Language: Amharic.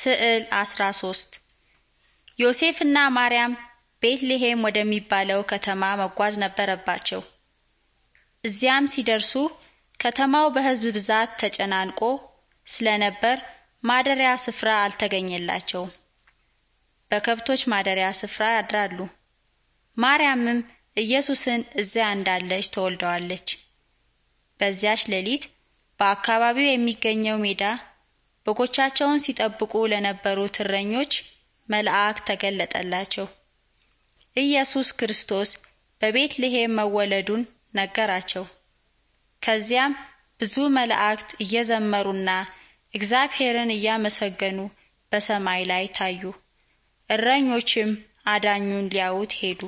ስዕል 13 ዮሴፍና ማርያም ቤትልሔም ወደሚባለው ከተማ መጓዝ ነበረባቸው። እዚያም ሲደርሱ ከተማው በሕዝብ ብዛት ተጨናንቆ ስለነበር ማደሪያ ስፍራ አልተገኘላቸውም። በከብቶች ማደሪያ ስፍራ ያድራሉ። ማርያምም ኢየሱስን እዚያ እንዳለች ተወልደዋለች። በዚያች ሌሊት በአካባቢው የሚገኘው ሜዳ በጎቻቸውን ሲጠብቁ ለነበሩት እረኞች መልአክ ተገለጠላቸው። ኢየሱስ ክርስቶስ በቤት ልሄ መወለዱን ነገራቸው። ከዚያም ብዙ መላእክት እየዘመሩና እግዚአብሔርን እያመሰገኑ በሰማይ ላይ ታዩ። እረኞችም አዳኙን ሊያዩት ሄዱ።